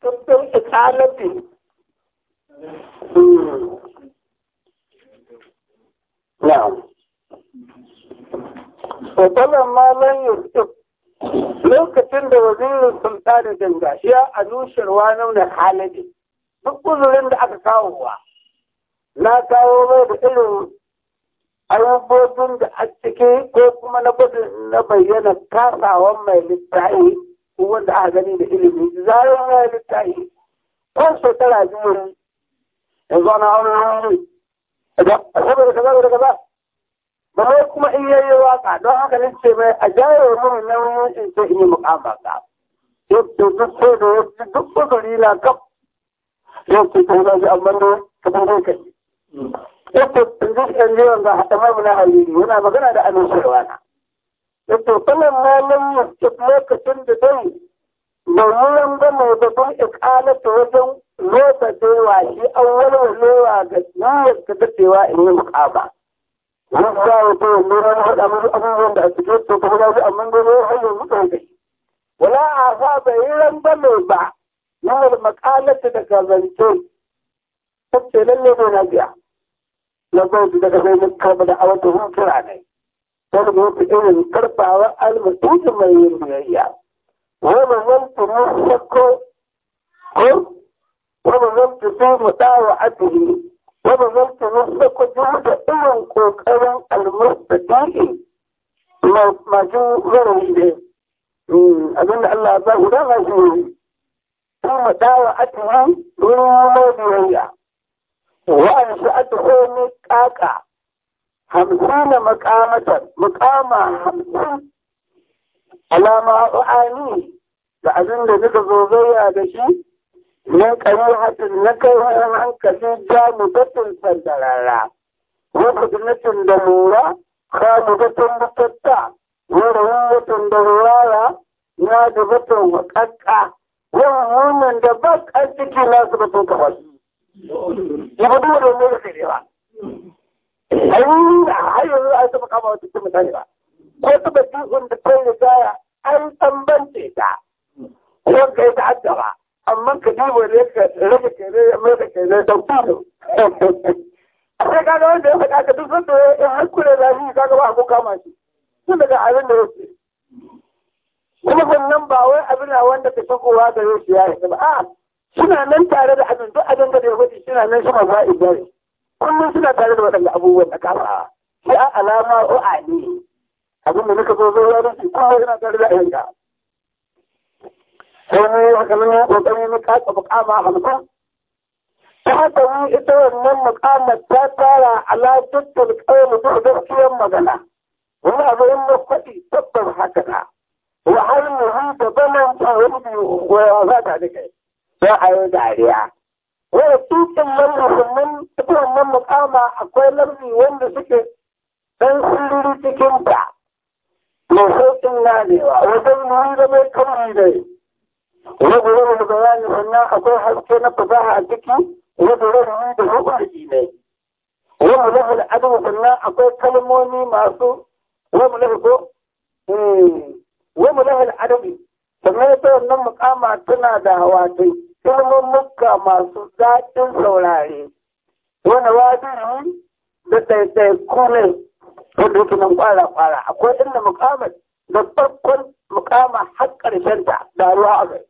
tattun ikalati lokacin da wazirin sultani ya a nushirwa nuna halidi duk uzurin da aka kawo wa na kawo mai da irin abubuwan da a cikin ko kuma na na bayyana kasawan mai littafi duk wanda aka gani da ilimi zarar ya littafi yanzu ana saboda kaza da kaza ba wai kuma in yayi waka don haka ne ce mai a jayo mun nauyin in ce in yi ka duk sai da wasu duk na kaf ta amma ne ka yi haɗa mai muna halili magana da amincewa na yau to lokacin da dai mummunan ba mai da don wajen lota cewa shi an warwarewa ga niyyar ta dadewa in yi mukaba. Wani za a ta yi lura haɗa abubuwan da a cikin to kuma amma da ne hanyar yanzu ɗan Wala a sa bai ran ba mai ba niyyar makalata daga zance. Tace lalle ne na biya. Na daga zai karɓa da irin karɓawa almatutu mai yin biyayya. wani zanta masakko ko wani zanta zuwa ɗawa a biyu wani zanta masakko zuwa da irin ƙoƙarin almasta dahi masu zara ne hmm, abinda Allah za ku dama shi ne zuwa ɗawa a biyu wani mai biyayya wa'an shi a tafiya ne hamsin na makamatar makama hamsin alama ra'ani da abin da suka zozaya da shi na kari hatin na kai wani hankali ja mutattun sandarara lokacin da lura ka mu mutattun mutatta wurin mutum da rurara na da mutum wakakka wani munan da ba kan ciki na su mutum kamar ya fi dole ne da ba. Ayyuka har yanzu yi taɓa kama wata mutum mutane ba. wasu batihun da ta ritaya an tambance ta ko kai ta addaba amma ka duba ne ka rage kere mai da kere da kudu a sai ga wanda ya faɗa ka duk sun da ya hankula da shi kaga ba ko kama shi tun daga abin da yake kuma sannan ba wai abin wanda ka kowa da yake ya yi ba a'a suna nan tare da abin duk abin da ya faɗi suna nan shi mafa'i bari kullum suna tare da waɗanda abubuwan da kafa sai a alama o'ani abin da suka so zai ya dace kowa yana tare da ayyanka sai ne haka nan ya kokari na kasa mukama hamsin ta haka yi ita wannan mukamar ta tara ala dukkan kawai da gaskiyar magana wani abu in na faɗi tabbas haka na wa har mu hu da zaman tsawon biyu goyawa za ta da kai za a yi dariya wani tukin lamurin ita wannan mukama akwai lambi wanda suke dan sirri cikin ta na masokin nanewa wajen nuni da mai kauri dai wajen da bayani sannan akwai haske na fasaha a ciki wajen nuni da hukunci ne wani lahul adabu sannan akwai kalmomi masu wani lahul eh, ko wani lahul adabu sannan ita wannan mukama tana da hawatai ilmummuka masu daɗin saurare wani wajen da ɗaiɗaiku ne wanda kwara kwara akwai inda da farkon mukama har ta da ruwa a kai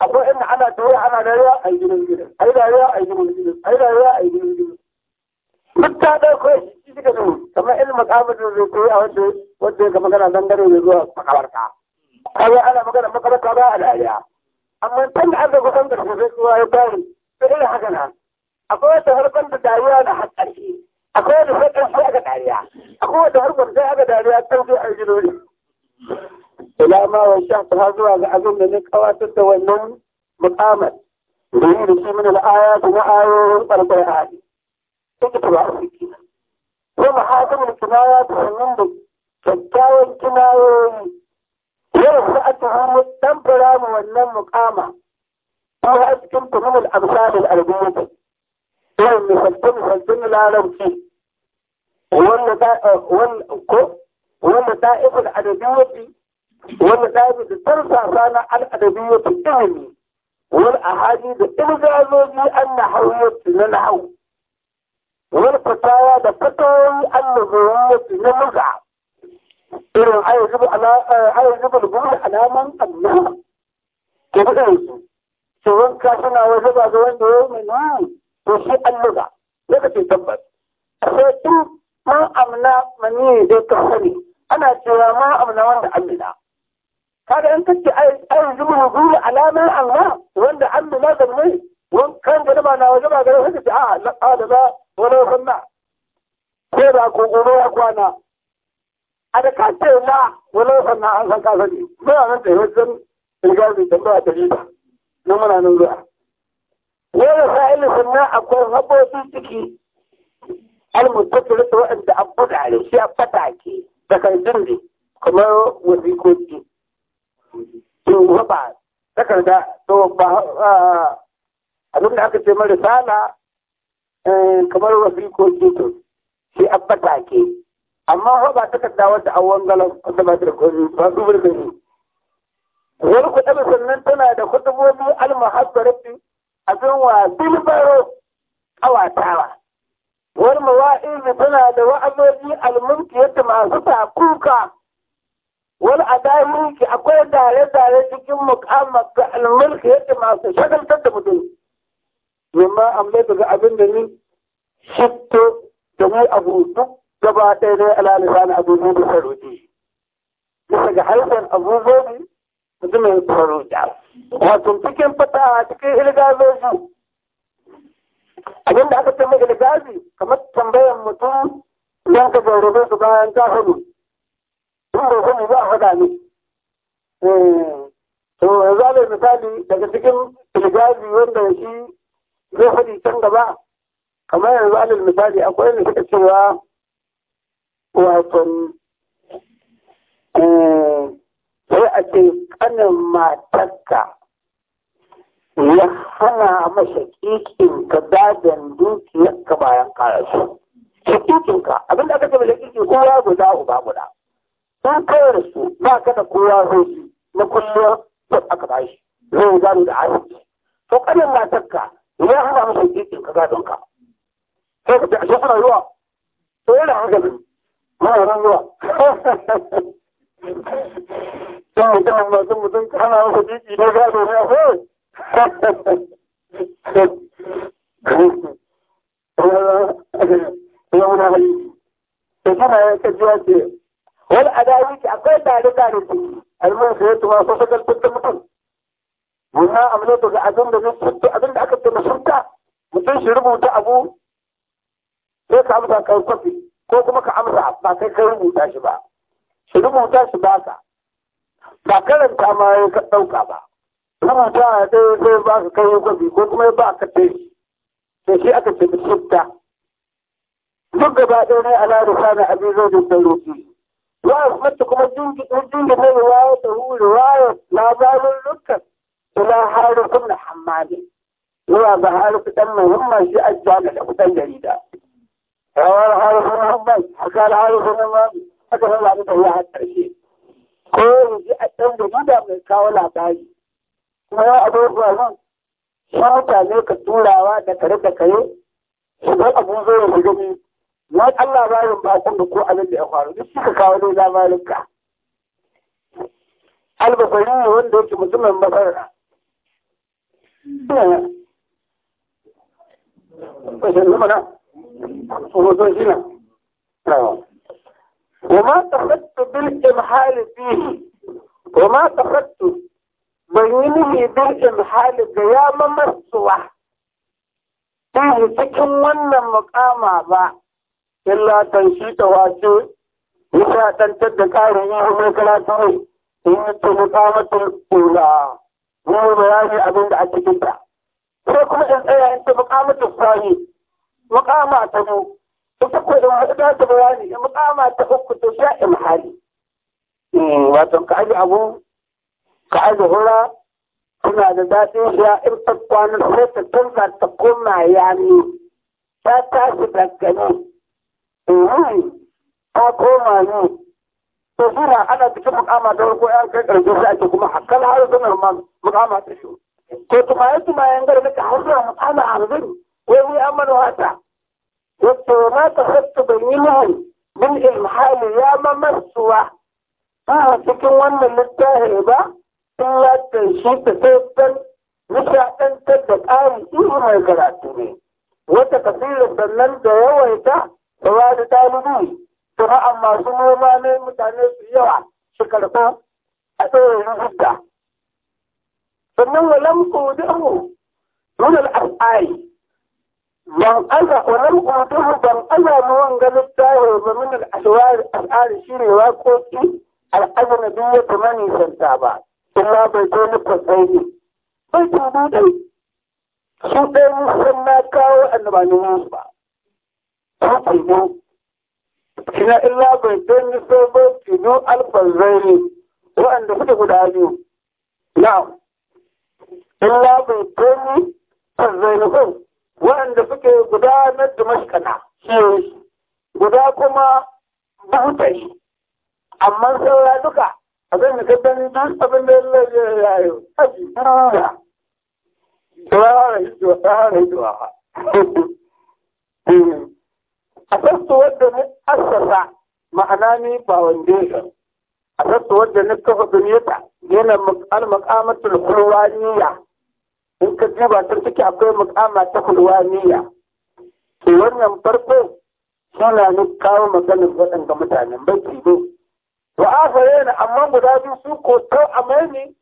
akwai inda ana ana da ruwa a gidan gidan ai da ruwa a gidan gidan ai da ruwa a gidan gidan duk ta shi zo kamar da zai koyi a wanda wanda ya magana da zuwa makabarta ana magana makabarta ba a dariya amma tun da kusan da zai zuwa ya irin haka akwai wata harkar da dariya da akwai wani sai sai aka dariya akwai wanda harkar sai aka dariya kan zai an jiro ila ma wa sha ta zuwa ga abin da ne kawatar da wannan muqamat da yi da shi min al'aya da na ayoyin ɓarɓar hali take ta ba a suke ko mahakamin kinaya da sannan da kyakkyawan kinayoyi yau za a tuhumu ɗan fura mu wannan muƙama ko a cikin tuhumul amsalin al'ummata irin misalce-misalce na larabci wanda ta ifa da adabiyyati wanda ta ifa da tarsasa na al'adabiyyati ilimi wani a hali da ilgazoji an na hauyati na na hau. wani fatawa da fatawoyi an na zuwiyati na muga irin ayyukan gudu eh, alaman annaha ke fi irinsu. Tsoron kasana wajen ba ga wanda ya yi mai nuni to shi alluga lokacin tabbas sai in ma amna mani da ka sani ana cewa ma amna wanda amina kada an kace ai ai zuwa zuwa alama Allah wanda amina da mai wan kan da ba na waje ba ga haka ce a la qala ba wala kunna ko da ko gobe ya kwana a da ka ce la wala kunna an san ka sani ba nan da wajen in ga da tambaya ta riba na mana nan zuwa wani sa'ili a akwai haɓoɓin ciki almuttakirin da waɗanda an buga ne shi a fata ke takardun ne kamar wasikoki to haɓa takarda to ba a da aka ce mara sala eh, kamar wasikoki to shi a fata ke amma haɓa takarda wata an wangalan wata ba da kwanzu ba su birgani wani kuɗa sannan tana da kuɗubobi almahabbarabbi abin wa bilbaro ƙawatawa wani mawa'izi tana da wa'azoji almulki yadda masu takuka wani adamulki akwai dare-dare cikin mukamar ga almulki yadda masu shagaltar da mutum yamma bai daga abin da ni shitto da mu abu duk gaba ɗaya ne alalisa na abu ne da saruti bisa ga harshen abubuwan mutumin saruti wato cikin fata cikin ilgazoji abinda aka ce mai ilgazi kamar tambayar mutum yan ka jarrabe su bayan ta hudu in da kuma za a faɗa ne eh, to yanzu alai misali daga cikin ilgazi wanda shi zai faɗi can gaba kamar yanzu alai misali akwai wanda suka cewa wato eh, sai a ce kanin matarka ya hana masa kikin ka dadan dukiyar ka bayan karasu shi kikin ka abin da aka ce da kikin kowa guda uba guda sun kawar su ba ka da kowa hoji na kullum da aka ba shi zai gano da arziki to kanin matarka ya hana masa kikin ka gadon ka sai ka ce a shekara ruwa to yana hankali ma'auran ruwa sai mutum mutum hana masa kiki na gado ne a Ikana ya kajiya ce, wani adawi ne da shi rubuta abu sai ka amsa kai ko kuma ka amsa ba kai shi ba. shi ba ka, ba karanta ma ya ka ɗauka ba. kana ta ɗaya zai ba ka kai gwabi ko kuma ba ka ta yi to shi aka ce shidda duk gaba ɗaya ne ala rufa na abin zai da sarufi wa mata kuma jirgin da zai waye da huri waye labarin da dukkan ila harifin na hammali zuwa ga harifu ɗan muhimman shi a jami da kudan jarida rawar harifin hammali haka harifin hammali haka zai zaɓi da ya har ƙarshe ko yanzu a ɗan jarida mai kawo labari kuma ya abubuwa nan shata ne ka turawa da kare da kare shigar abu zo ya shiga ni ya Allah yin bakon da ko abin da ya faru duk suka kawo ne labarin ka albasari ne wanda yake mutumin masarra وما تخذت بالإمهال فيه وما تخذت bai yi don in hali da ya mamarsuwa ta cikin wannan mukama ba illa tan shi ta wace tantar da ƙarin yi mai karatu ne in yi ta mukamatin kula ne bayani abin da a cikin ta sai kuma in tsaya in ta mukamatin sahi mukama ta mu ta ko in haɗa ta bayani in mukama ta uku ta sha hali. Eh, wato ka aji abu ka aza hura kuna da daɗin ya in ta sai ta canza ta koma yami ta tashi daggani ta koma ne to suna ana cikin mukama da farko ya kai ƙarshe sai ake kuma hakkal har zunar mukama ta shi to tumaye tumayen gari nika har zuwa mukama hamsin wai wai an mana wata wato ma ta hattu bai yi muhim min ilmahali ya mamarsuwa ba cikin wannan littafi ba sun yace sun tafaifan nishaɗantar da ƙarin ihu mai karatu ne wata kasirar sannan da yawaita ta ba da talibu amma masu noma ne mutane su yawa su karɓa a tsoron rubuta sannan walam kuduhu nuna al'asari ban aza walam mu ban aza mu wanga littafi ba min al'asari shine waƙoƙi al'azana duk ya kuma santa ba amma bai zo ni kwatsai ne bai samu dai su ɗaya sun na kawo annabani musu ba ta kulmu kina illa bai zo ni sai bai tinu alfazai ne waɗanda suke guda biyu na'am illa bai zo ni alfazai ne waɗanda suke guda na dimashkana guda kuma buhutai amma saura duka abin da ka sani duk abin da Allah ya yayo aji tsara tsara hito tsara hito a a sassu wadda ne assasa ma'ana ni ba wande a sassu wadda ne kafa duniyata yana al-maqamatul kulwaniya in ka duba ta ciki akwai muqama ta kulwaniya to wannan farko suna ni kawo maganar waɗanda mutanen baki ne wa afare ni amma guda biyu su ko ta amani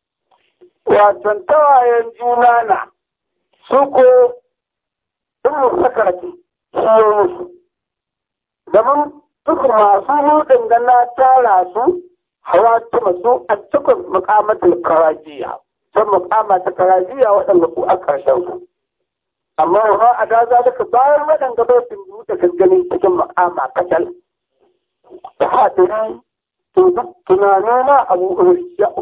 wato tawayen juna na su ko in mu saka ki shi musu domin duk masu rudin da tara su hawa ta su a cikin mukamatul karajiya san mukama ta karajiya waɗanda ku a ƙarshen su amma wa a da ka bayan waɗanda ba su buɗe ganin cikin mukama kacal da hadirin tunanina abu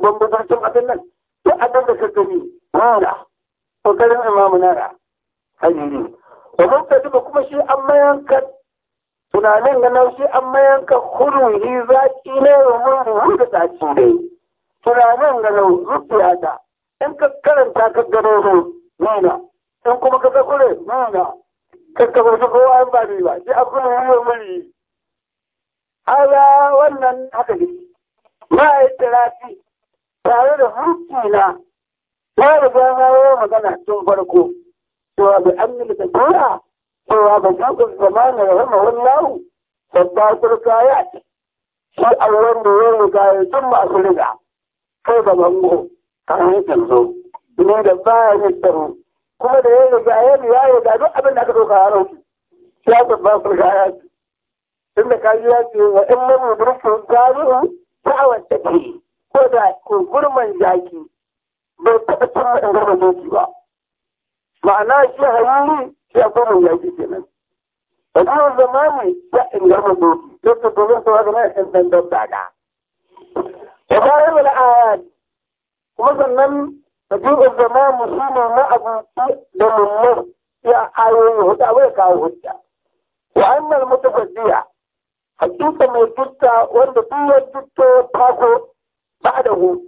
ban bazarcin abin nan duk abin da ka gani nara kokarin imamu nara hajjiri domin ta duba kuma shi an mayanka tunanin ganin shi an mayanka hudun hururi zaki ne domin ruhu da taci ne tunanin ganin zuciya ta in ka karanta ka gano ne. nuna in kuma ka ga kure nuna ka kamar su kowa an ba ni ba shi akwai yiwuwar muni aga wannan haka ne tarafi. tare da hukki na ta riga na yi magana tun farko cewa bi an yi da tura cewa ba za ku zama na rahama wallahu babba turka ya ce shi a da yau ga ya tun masu riga kai ga bango a hankali zo ne da baya yi tsaro kuma da ya riga ya yi ya riga duk abin da aka ɗauka a rauki ya babba turka ya ce tunda ka ji ya ce wa in mamu burkin gari'u ta da ke ko da ko gurman zaki bai taɓa cin maɗan gaba doki ba ma'ana shi hanyoyi shi a gurman zaki kenan da kuma ne ya in gaba doki ta ta domin sauwa zama ya ɗan ɗan dada da bayan al'ayat kuma sannan zama mu shi ne na abinci da mummun ya ayoyi hudu abu ya kawo hudu wa'annan mutafasiya hakika mai dutta wanda duk ya dutto fako ba'dahu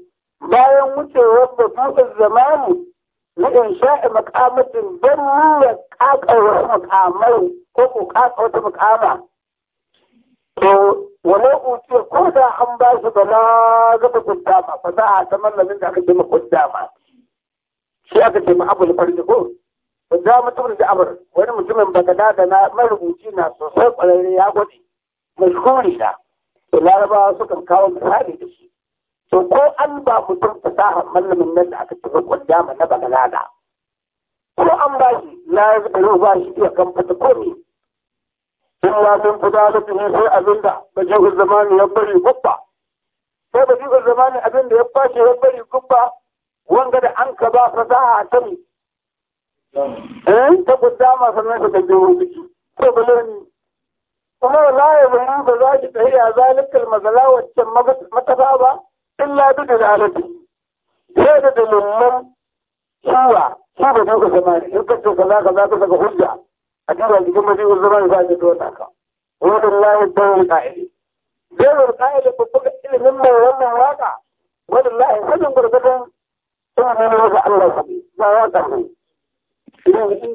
bayan wucewar da dutsen zamani na insha'i makamatin don nuna kakawar makamai ko ko kakawar makama to wani uce ko da an ba shi ba na gaba kuddama ba za a ta mallamin da aka ce ma kuddama shi aka ce ma abul farji ko kuddama mutum da amur wani mutumin bagada da na marubuci na sosai kwararre ya gwade mashkori da to larabawa suka kawo misali da shi to ko an ba mutum fasahar mallamin nan da aka tafi ma na bagalada ko an ba shi larabawa ba shi iya ko komi in ya san fita da tuni sai abin da bajihun zamani ya bari gubba sai bajihun zamani abin da ya fashe ya bari gubba wanga da an ka ba fasaha a tami eh ta gudama sannan ka tafi wurin ciki kenan ba za ki tsaye a zalikar mazala waccan matafa ba illa bi da sai da dalilan duka ce kaza kaza ka saka hujja a cikin jikin za ki lahi dawon ka'ili dawon ka'ili ba ilimin mai